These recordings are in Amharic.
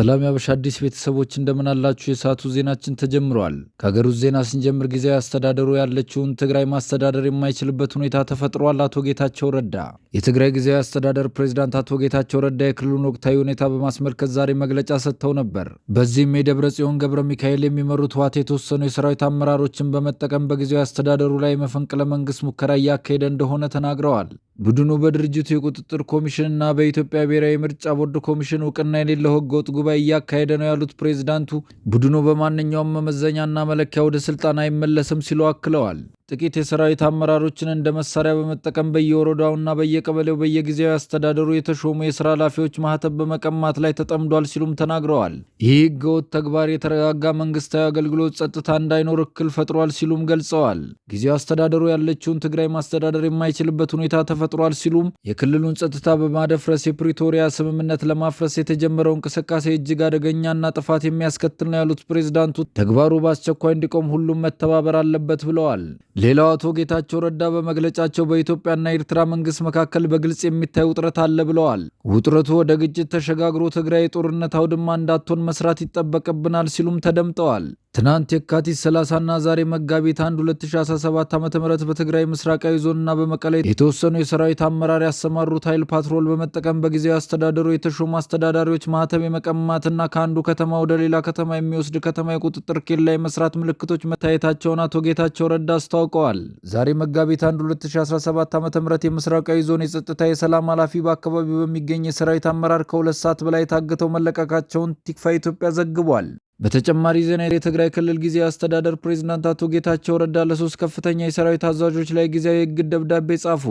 ሰላም ያበሻ አዲስ ቤተሰቦች እንደምን አላችሁ? የሰዓቱ ዜናችን ተጀምረዋል። ከሀገር ውስጥ ዜና ስንጀምር ጊዜያዊ አስተዳደሩ ያለችውን ትግራይ ማስተዳደር የማይችልበት ሁኔታ ተፈጥሯል። አቶ ጌታቸው ረዳ የትግራይ ጊዜያዊ አስተዳደር ፕሬዚዳንት አቶ ጌታቸው ረዳ የክልሉን ወቅታዊ ሁኔታ በማስመልከት ዛሬ መግለጫ ሰጥተው ነበር። በዚህም የደብረ ጽዮን ገብረ ሚካኤል የሚመሩት ህወሓት የተወሰኑ የሰራዊት አመራሮችን በመጠቀም በጊዜያዊ አስተዳደሩ ላይ መፈንቅለ መንግስት ሙከራ እያካሄደ እንደሆነ ተናግረዋል። ቡድኑ በድርጅቱ የቁጥጥር ኮሚሽን እና በኢትዮጵያ ብሔራዊ ምርጫ ቦርድ ኮሚሽን እውቅና የሌለው ህገወጥ ጉባኤ እያካሄደ ነው ያሉት ፕሬዝዳንቱ ቡድኑ በማንኛውም መመዘኛና መለኪያ ወደ ስልጣን አይመለስም ሲሉ አክለዋል። ጥቂት የሰራዊት አመራሮችን እንደ መሳሪያ በመጠቀም በየወረዳውና በየቀበሌው በየጊዜያዊ አስተዳደሩ የተሾሙ የስራ ኃላፊዎች ማህተብ በመቀማት ላይ ተጠምዷል ሲሉም ተናግረዋል። ይህ ህገወጥ ተግባር የተረጋጋ መንግስታዊ አገልግሎት ጸጥታ እንዳይኖር እክል ፈጥሯል ሲሉም ገልጸዋል። ጊዜያዊ አስተዳደሩ ያለችውን ትግራይ ማስተዳደር የማይችልበት ሁኔታ ተፈጥሯል ሲሉም የክልሉን ጸጥታ በማደፍረስ የፕሪቶሪያ ስምምነት ለማፍረስ የተጀመረው እንቅስቃሴ እጅግ አደገኛና ጥፋት የሚያስከትል ነው ያሉት ፕሬዚዳንቱ ተግባሩ በአስቸኳይ እንዲቆም ሁሉም መተባበር አለበት ብለዋል። ሌላው አቶ ጌታቸው ረዳ በመግለጫቸው በኢትዮጵያና ኤርትራ መንግስት መካከል በግልጽ የሚታይ ውጥረት አለ ብለዋል። ውጥረቱ ወደ ግጭት ተሸጋግሮ ትግራይ የጦርነት አውድማ እንዳትሆን መስራት ይጠበቅብናል ሲሉም ተደምጠዋል። ትናንት የካቲት 30ና ዛሬ መጋቢት 1 2017 ም በትግራይ ምስራቃዊ እና በመቀሌ የተወሰኑ የሰራዊት አመራር ያሰማሩት ኃይል ፓትሮል በመጠቀም በጊዜያዊ አስተዳደሩ የተሾሙ አስተዳዳሪዎች ማህተም የመቀማትና ከአንዱ ከተማ ወደ ሌላ ከተማ የሚወስድ ከተማ የቁጥጥር ኬላ ላይ መስራት ምልክቶች መታየታቸውን አቶ ጌታቸው ረዳ አስታውቀዋል። ዛሬ መጋቢት 1 2017 ም የምስራቃዊ ዞን የጸጥታ የሰላም ኃላፊ በአካባቢው በሚገኝ የሰራዊት አመራር ከሁለት ሰዓት በላይ ታግተው መለቀቃቸውን ቲክፋ ኢትዮጵያ ዘግቧል። በተጨማሪ ዜና የትግራይ ክልል ጊዜ አስተዳደር ፕሬዝዳንት አቶ ጌታቸው ረዳ ለሶስት ከፍተኛ የሰራዊት አዛዦች ላይ ጊዜያዊ የእግድ ደብዳቤ ጻፉ።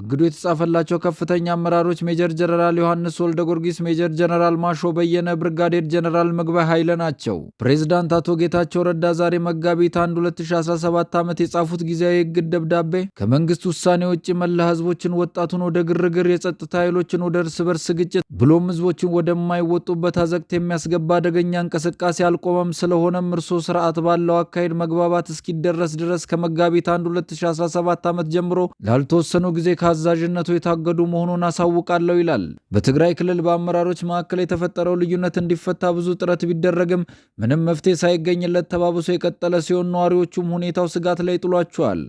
እግዱ የተጻፈላቸው ከፍተኛ አመራሮች ሜጀር ጀነራል ዮሐንስ ወልደ ጊዮርጊስ፣ ሜጀር ጀነራል ማሾ በየነ፣ ብርጋዴር ጀነራል ምግባይ ኃይለ ናቸው። ፕሬዚዳንት አቶ ጌታቸው ረዳ ዛሬ መጋቢት 1 2017 ዓመት የጻፉት ጊዜያዊ እግድ ደብዳቤ ከመንግስት ውሳኔ ውጭ መላ ህዝቦችን፣ ወጣቱን ወደ ግርግር፣ የጸጥታ ኃይሎችን ወደ እርስ በርስ ግጭት ብሎም ህዝቦችን ወደማይወጡበት አዘቅት የሚያስገባ አደገኛ እንቅስቃሴ አልቆመም። ስለሆነም እርሶ ስርዓት ባለው አካሄድ መግባባት እስኪደረስ ድረስ ከመጋቢት 1 2017 ዓመት ጀምሮ ላልተወሰኑ ጊዜ ከአዛዥነቱ የታገዱ መሆኑን አሳውቃለሁ ይላል። በትግራይ ክልል በአመራሮች መካከል የተፈጠረው ልዩነት እንዲፈታ ብዙ ጥረት ቢደረግም ምንም መፍትሄ ሳይገኝለት ተባብሶ የቀጠለ ሲሆን ነዋሪዎቹም ሁኔታው ስጋት ላይ ጥሏቸዋል።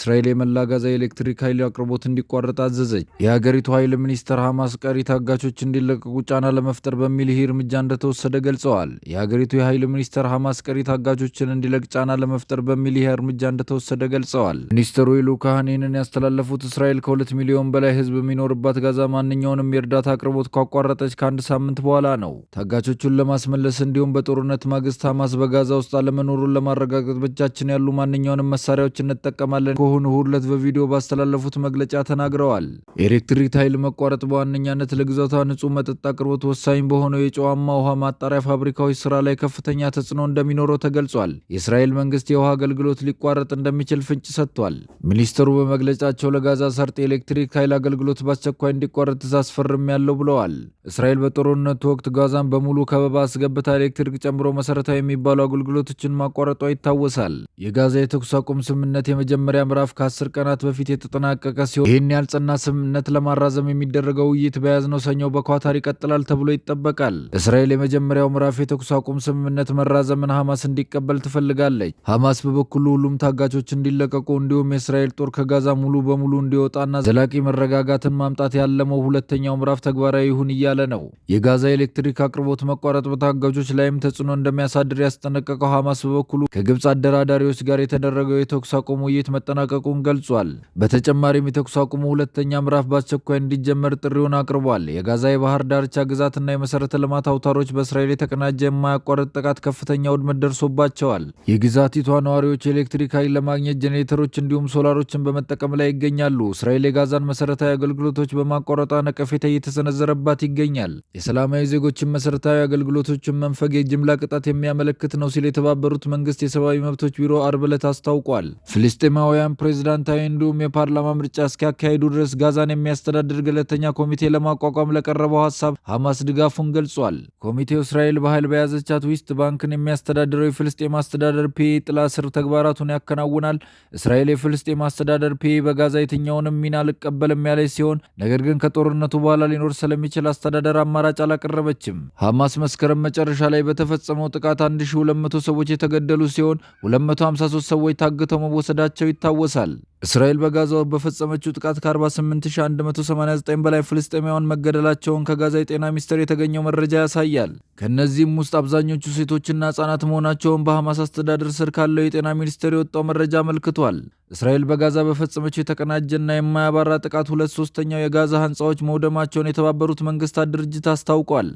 እስራኤል የመላ ጋዛ የኤሌክትሪክ ኃይል አቅርቦት እንዲቋረጥ አዘዘች። የሀገሪቱ ኃይል ሚኒስትር ሐማስ ቀሪ ታጋቾች እንዲለቀቁ ጫና ለመፍጠር በሚል ይህ እርምጃ እንደተወሰደ ገልጸዋል። የሀገሪቱ የኃይል ሚኒስትር ሐማስ ቀሪ ታጋቾችን እንዲለቅ ጫና ለመፍጠር በሚል ይህ እርምጃ እንደተወሰደ ገልጸዋል። ሚኒስትሩ ካህን ይህንን ያስተላለፉት እስራኤል ከሁለት ሚሊዮን በላይ ህዝብ የሚኖርባት ጋዛ ማንኛውንም የእርዳታ አቅርቦት ካቋረጠች ከአንድ ሳምንት በኋላ ነው። ታጋቾቹን ለማስመለስ እንዲሁም በጦርነት ማግስት ሐማስ በጋዛ ውስጥ አለመኖሩን ለማረጋገጥ ብቻችን ያሉ ማንኛውንም መሳሪያዎች እንጠቀማለን እንደሆኑ ሁለት በቪዲዮ ባስተላለፉት መግለጫ ተናግረዋል። የኤሌክትሪክ ኃይል መቋረጥ በዋነኛነት ለግዛቷ ንጹህ መጠጥ አቅርቦት ወሳኝ በሆነው የጨዋማ ውሃ ማጣሪያ ፋብሪካዎች ስራ ላይ ከፍተኛ ተጽዕኖ እንደሚኖረው ተገልጿል። የእስራኤል መንግስት የውሃ አገልግሎት ሊቋረጥ እንደሚችል ፍንጭ ሰጥቷል። ሚኒስትሩ በመግለጫቸው ለጋዛ ሰርጥ የኤሌክትሪክ ኃይል አገልግሎት በአስቸኳይ እንዲቋረጥ ትዕዛዝ ያለው ብለዋል። እስራኤል በጦርነቱ ወቅት ጋዛን በሙሉ ከበባ አስገብታ ኤሌክትሪክ ጨምሮ መሰረታዊ የሚባሉ አገልግሎቶችን ማቋረጧ ይታወሳል። የጋዛ የተኩስ አቁም ስምምነት የመጀመሪያ ምዕራፍ ከአስር ቀናት በፊት የተጠናቀቀ ሲሆን ይህን ያልጸና ስምምነት ለማራዘም የሚደረገው ውይይት በያዝነው ሰኞ በኳታር ይቀጥላል ተብሎ ይጠበቃል። እስራኤል የመጀመሪያው ምዕራፍ የተኩስ አቁም ስምምነት መራዘምን ሐማስ እንዲቀበል ትፈልጋለች። ሐማስ በበኩሉ ሁሉም ታጋቾች እንዲለቀቁ እንዲሁም የእስራኤል ጦር ከጋዛ ሙሉ በሙሉ እንዲወጣና ዘላቂ መረጋጋትን ማምጣት ያለመው ሁለተኛው ምዕራፍ ተግባራዊ ይሁን እያለ ነው። የጋዛ ኤሌክትሪክ አቅርቦት መቋረጥ በታጋጆች ላይም ተጽዕኖ እንደሚያሳድር ያስጠነቀቀው ሐማስ በበኩሉ ከግብፅ አደራዳሪዎች ጋር የተደረገው የተኩስ አቁም ውይይት መጠና መጠናቀቁን ገልጿል። በተጨማሪም የተኩስ አቁሙ ሁለተኛ ምዕራፍ በአስቸኳይ እንዲጀመር ጥሪውን አቅርቧል። የጋዛ የባህር ዳርቻ ግዛትና የመሰረተ ልማት አውታሮች በእስራኤል የተቀናጀ የማያቋረጥ ጥቃት ከፍተኛ ውድመት ደርሶባቸዋል። የግዛቲቷ ነዋሪዎች የኤሌክትሪክ ኃይል ለማግኘት ጄኔሬተሮች እንዲሁም ሶላሮችን በመጠቀም ላይ ይገኛሉ። እስራኤል የጋዛን መሰረታዊ አገልግሎቶች በማቋረጧ ነቀፌታ እየተሰነዘረባት ይገኛል። የሰላማዊ ዜጎችን መሰረታዊ አገልግሎቶችን መንፈግ የጅምላ ቅጣት የሚያመለክት ነው ሲል የተባበሩት መንግስት የሰብአዊ መብቶች ቢሮ አርብ ዕለት አስታውቋል። ፍልስጤማውያን ኢራን ፕሬዝዳንታዊ እንዲሁም የፓርላማ ምርጫ እስኪያካሄዱ ድረስ ጋዛን የሚያስተዳድር ገለልተኛ ኮሚቴ ለማቋቋም ለቀረበው ሀሳብ ሐማስ ድጋፉን ገልጿል። ኮሚቴው እስራኤል በኃይል በያዘቻት ዊስት ባንክን የሚያስተዳድረው የፍልስጤም አስተዳደር ፒ ጥላ ስር ተግባራቱን ያከናውናል። እስራኤል የፍልስጤም አስተዳደር ፒ በጋዛ የትኛውንም ሚና አልቀበልም ያለች ሲሆን ነገር ግን ከጦርነቱ በኋላ ሊኖር ስለሚችል አስተዳደር አማራጭ አላቀረበችም። ሐማስ መስከረም መጨረሻ ላይ በተፈጸመው ጥቃት 1200 ሰዎች የተገደሉ ሲሆን 253 ሰዎች ታግተው መወሰዳቸው ይታወቃል። ይታወሳል። እስራኤል በጋዛ በፈጸመችው ጥቃት ከ48189 በላይ ፍልስጤማውያን መገደላቸውን ከጋዛ የጤና ሚኒስቴር የተገኘው መረጃ ያሳያል። ከእነዚህም ውስጥ አብዛኞቹ ሴቶችና ሕጻናት መሆናቸውን በሐማስ አስተዳደር ስር ካለው የጤና ሚኒስቴር የወጣው መረጃ አመልክቷል። እስራኤል በጋዛ በፈጸመችው የተቀናጀና የማያባራ ጥቃት ሁለት ሶስተኛው የጋዛ ሕንፃዎች መውደማቸውን የተባበሩት መንግስታት ድርጅት አስታውቋል።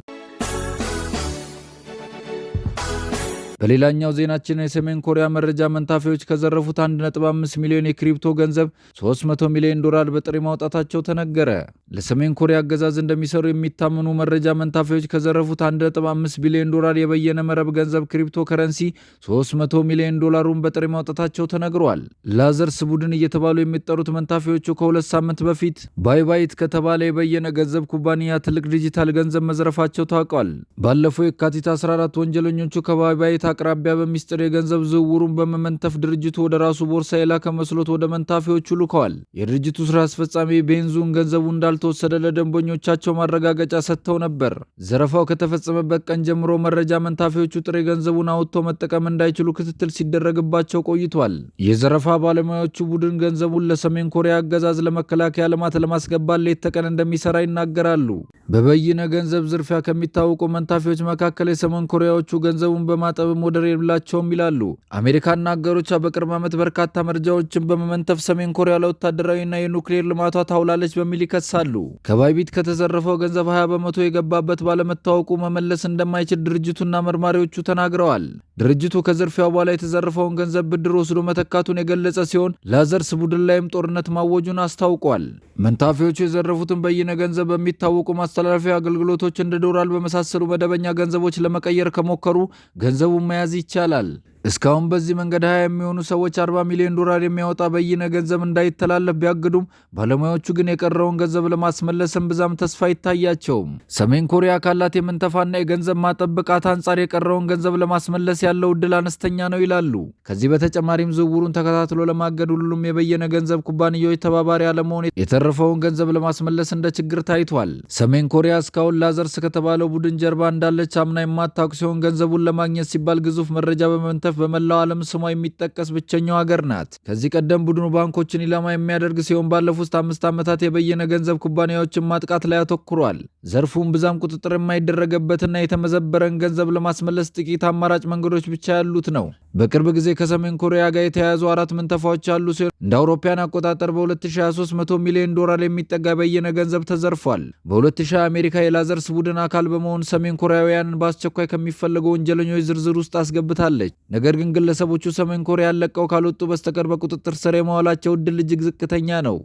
በሌላኛው ዜናችን የሰሜን ኮሪያ መረጃ መንታፊዎች ከዘረፉት 1.5 ሚሊዮን የክሪፕቶ ገንዘብ 300 ሚሊዮን ዶላር በጥሬ ማውጣታቸው ተነገረ። ለሰሜን ኮሪያ አገዛዝ እንደሚሰሩ የሚታመኑ መረጃ መንታፊዎች ከዘረፉት 1.5 ቢሊዮን ዶላር የበየነ መረብ ገንዘብ ክሪፕቶ ከረንሲ 300 ሚሊዮን ዶላሩን በጥሬ ማውጣታቸው ተነግሯል። ላዘርስ ቡድን እየተባሉ የሚጠሩት መንታፊዎቹ ከሁለት ሳምንት በፊት ባይባይት ከተባለ የበየነ ገንዘብ ኩባንያ ትልቅ ዲጂታል ገንዘብ መዝረፋቸው ታውቋል። ባለፈው የካቲት 14 ወንጀለኞቹ ከባይባይት አቅራቢያ በሚስጥር የገንዘብ ዝውውሩን በመመንተፍ ድርጅቱ ወደ ራሱ ቦርሳ የላከ መስሎት ወደ መንታፊዎቹ ልከዋል። የድርጅቱ ስራ አስፈጻሚ ቤንዙን ገንዘቡ እንዳልተወሰደ ለደንበኞቻቸው ማረጋገጫ ሰጥተው ነበር። ዘረፋው ከተፈጸመበት ቀን ጀምሮ መረጃ መንታፊዎቹ ጥሬ ገንዘቡን አውጥቶ መጠቀም እንዳይችሉ ክትትል ሲደረግባቸው ቆይቷል። የዘረፋ ባለሙያዎቹ ቡድን ገንዘቡን ለሰሜን ኮሪያ አገዛዝ ለመከላከያ ልማት ለማስገባት ሌት ተቀን እንደሚሰራ ይናገራሉ። በበይነ ገንዘብ ዝርፊያ ከሚታወቁ መንታፊዎች መካከል የሰሜን ኮሪያዎቹ ገንዘቡን በማጠብ ወደር የላቸውም ይላሉ። አሜሪካና አጋሮቿ በቅርብ ዓመት በርካታ መረጃዎችን በመመንተፍ ሰሜን ኮሪያ ለወታደራዊና የኑክሌር ልማቷ ታውላለች በሚል ይከሳሉ። ከባይቢት ከተዘረፈው ገንዘብ 20 በመቶ የገባበት ባለመታወቁ መመለስ እንደማይችል ድርጅቱና መርማሪዎቹ ተናግረዋል። ድርጅቱ ከዝርፊያው በኋላ የተዘረፈውን ገንዘብ ብድር ወስዶ መተካቱን የገለጸ ሲሆን ላዘርስ ቡድን ላይም ጦርነት ማወጁን አስታውቋል። መንታፊዎቹ የዘረፉትን በይነ ገንዘብ በሚታወቁ ማስተላለፊያ አገልግሎቶች እንደ ዶላር በመሳሰሉ መደበኛ ገንዘቦች ለመቀየር ከሞከሩ ገንዘቡን መያዝ ይቻላል። እስካሁን በዚህ መንገድ ሀያ የሚሆኑ ሰዎች 40 ሚሊዮን ዶላር የሚያወጣ በይነ ገንዘብ እንዳይተላለፍ ቢያግዱም ባለሙያዎቹ ግን የቀረውን ገንዘብ ለማስመለስ ብዛም ተስፋ አይታያቸውም። ሰሜን ኮሪያ ካላት የምንተፋና የገንዘብ ማጠብቃት አንጻር የቀረውን ገንዘብ ለማስመለስ ያለው እድል አነስተኛ ነው ይላሉ። ከዚህ በተጨማሪም ዝውውሩን ተከታትሎ ለማገድ ሁሉም የበየነ ገንዘብ ኩባንያዎች ተባባሪ አለመሆን የተረፈውን ገንዘብ ለማስመለስ እንደ ችግር ታይቷል። ሰሜን ኮሪያ እስካሁን ላዘርስ ከተባለው ቡድን ጀርባ እንዳለች አምና የማታውቅ ሲሆን ገንዘቡን ለማግኘት ሲባል ግዙፍ መረጃ በመንተፍ በማሸነፍ በመላው ዓለም ስሟ የሚጠቀስ ብቸኛው ሀገር ናት። ከዚህ ቀደም ቡድኑ ባንኮችን ኢላማ የሚያደርግ ሲሆን ባለፉት አምስት ዓመታት የበየነ ገንዘብ ኩባንያዎችን ማጥቃት ላይ አተኩሯል። ዘርፉን ብዛም ቁጥጥር የማይደረገበትና የተመዘበረን ገንዘብ ለማስመለስ ጥቂት አማራጭ መንገዶች ብቻ ያሉት ነው። በቅርብ ጊዜ ከሰሜን ኮሪያ ጋር የተያያዙ አራት ምንተፋዎች ያሉ ሲሆን እንደ አውሮፓያን አቆጣጠር በ2023 100 ሚሊዮን ዶላር የሚጠጋ በየነ ገንዘብ ተዘርፏል። በ2020 አሜሪካ የላዘርስ ቡድን አካል በመሆን ሰሜን ኮሪያውያንን በአስቸኳይ ከሚፈለገው ወንጀለኞች ዝርዝር ውስጥ አስገብታለች። ነገር ግን ግለሰቦቹ ሰሜን ኮሪያን ለቀው ካልወጡ በስተቀር በቁጥጥር ስር የመዋላቸው ዕድል እጅግ ዝቅተኛ ነው።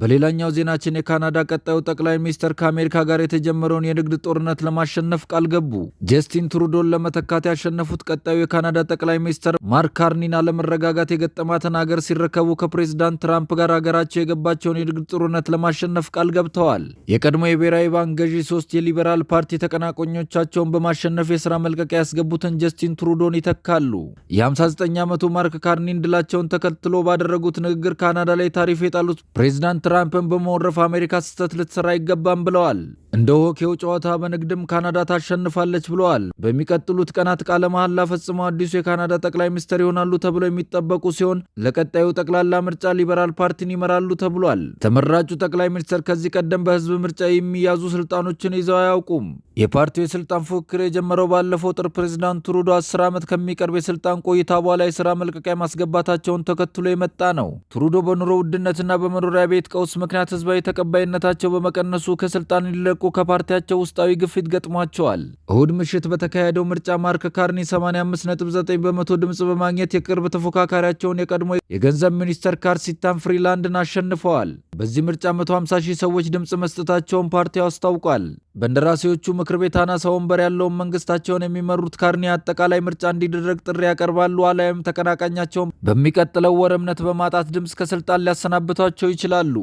በሌላኛው ዜናችን የካናዳ ቀጣዩ ጠቅላይ ሚኒስትር ከአሜሪካ ጋር የተጀመረውን የንግድ ጦርነት ለማሸነፍ ቃል ገቡ። ጀስቲን ትሩዶን ለመተካት ያሸነፉት ቀጣዩ የካናዳ ጠቅላይ ሚኒስትር ማርክ ካርኒን አለመረጋጋት የገጠማትን አገር ሲረከቡ ከፕሬዚዳንት ትራምፕ ጋር አገራቸው የገባቸውን የንግድ ጦርነት ለማሸነፍ ቃል ገብተዋል። የቀድሞ የብሔራዊ ባንክ ገዢ ሶስት የሊበራል ፓርቲ ተቀናቆኞቻቸውን በማሸነፍ የስራ መልቀቂያ ያስገቡትን ጀስቲን ትሩዶን ይተካሉ። የ59 ዓመቱ ማርክ ካርኒን ድላቸውን ተከትሎ ባደረጉት ንግግር ካናዳ ላይ ታሪፍ የጣሉት ፕሬዚዳንት ትራምፕን በመወረፍ አሜሪካ ስህተት ልትሰራ አይገባም ብለዋል። እንደ ሆኬው ጨዋታ በንግድም ካናዳ ታሸንፋለች ብለዋል። በሚቀጥሉት ቀናት ቃለ መሐላ ፈጽመው አዲሱ የካናዳ ጠቅላይ ሚኒስትር ይሆናሉ ተብለው የሚጠበቁ ሲሆን ለቀጣዩ ጠቅላላ ምርጫ ሊበራል ፓርቲን ይመራሉ ተብሏል። ተመራጩ ጠቅላይ ሚኒስትር ከዚህ ቀደም በህዝብ ምርጫ የሚያዙ ስልጣኖችን ይዘው አያውቁም። የፓርቲው የስልጣን ፉክክር የጀመረው ባለፈው ጥር ፕሬዚዳንት ትሩዶ አስር ዓመት ከሚቀርብ የስልጣን ቆይታ በኋላ የስራ መልቀቂያ ማስገባታቸውን ተከትሎ የመጣ ነው። ትሩዶ በኑሮ ውድነትና በመኖሪያ ቤት ቀውስ ምክንያት ህዝባዊ ተቀባይነታቸው በመቀነሱ ከስልጣን ይለ እንዲለቁ ከፓርቲያቸው ውስጣዊ ግፊት ገጥሟቸዋል። እሁድ ምሽት በተካሄደው ምርጫ ማርክ ካርኒ 85.9 በመቶ ድምፅ በማግኘት የቅርብ ተፎካካሪያቸውን የቀድሞ የገንዘብ ሚኒስተር ካርሲታን ፍሪላንድን አሸንፈዋል። በዚህ ምርጫ 150 ሺህ ሰዎች ድምፅ መስጠታቸውን ፓርቲው አስታውቋል። በእንደራሴዎቹ ምክር ቤት አናሳ ወንበር ያለውን መንግስታቸውን የሚመሩት ካርኒ አጠቃላይ ምርጫ እንዲደረግ ጥሪ ያቀርባሉ። አላይም ተቀናቃኛቸውን በሚቀጥለው ወር እምነት በማጣት ድምፅ ከስልጣን ሊያሰናብቷቸው ይችላሉ።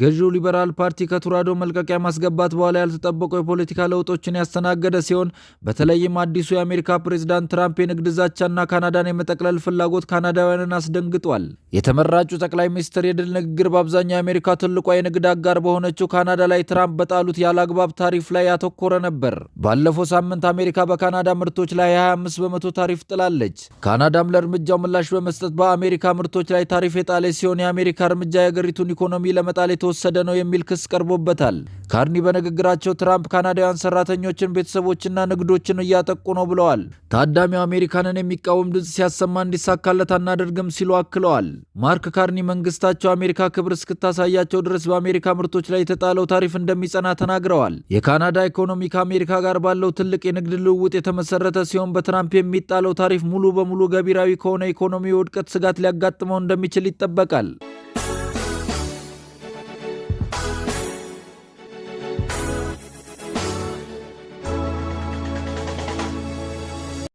ገዢው ሊበራል ፓርቲ ከቱራዶ መልቀቂያ ማስገባት በኋላ ያልተጠበቁ የፖለቲካ ለውጦችን ያስተናገደ ሲሆን በተለይም አዲሱ የአሜሪካ ፕሬዚዳንት ትራምፕ የንግድ ዛቻና ካናዳን የመጠቅለል ፍላጎት ካናዳውያንን አስደንግጧል። የተመራጩ ጠቅላይ ሚኒስትር የድል ንግግር በአብዛኛው የአሜሪካ ትልቋ የንግድ አጋር በሆነችው ካናዳ ላይ ትራምፕ በጣሉት ያለአግባብ ታሪፍ ላይ ያተኮረ ነበር። ባለፈው ሳምንት አሜሪካ በካናዳ ምርቶች ላይ 25 በመቶ ታሪፍ ጥላለች። ካናዳም ለእርምጃው ምላሽ በመስጠት በአሜሪካ ምርቶች ላይ ታሪፍ የጣለ ሲሆን የአሜሪካ እርምጃ የአገሪቱን ኢኮኖሚ ለመጣል የተወሰደ ነው የሚል ክስ ቀርቦበታል። ካርኒ በንግግራቸው ትራምፕ ካናዳውያን ሰራተኞችን፣ ቤተሰቦችና ንግዶችን እያጠቁ ነው ብለዋል። ታዳሚው አሜሪካንን የሚቃወም ድምፅ ሲያሰማ እንዲሳካለት አናደርግም ሲሉ አክለዋል። ማርክ ካርኒ መንግስታቸው አሜሪካ ክብር እስክታሳያቸው እስካላቸው ድረስ በአሜሪካ ምርቶች ላይ የተጣለው ታሪፍ እንደሚጸና ተናግረዋል። የካናዳ ኢኮኖሚ ከአሜሪካ ጋር ባለው ትልቅ የንግድ ልውውጥ የተመሰረተ ሲሆን በትራምፕ የሚጣለው ታሪፍ ሙሉ በሙሉ ገቢራዊ ከሆነ ኢኮኖሚ ውድቀት ስጋት ሊያጋጥመው እንደሚችል ይጠበቃል።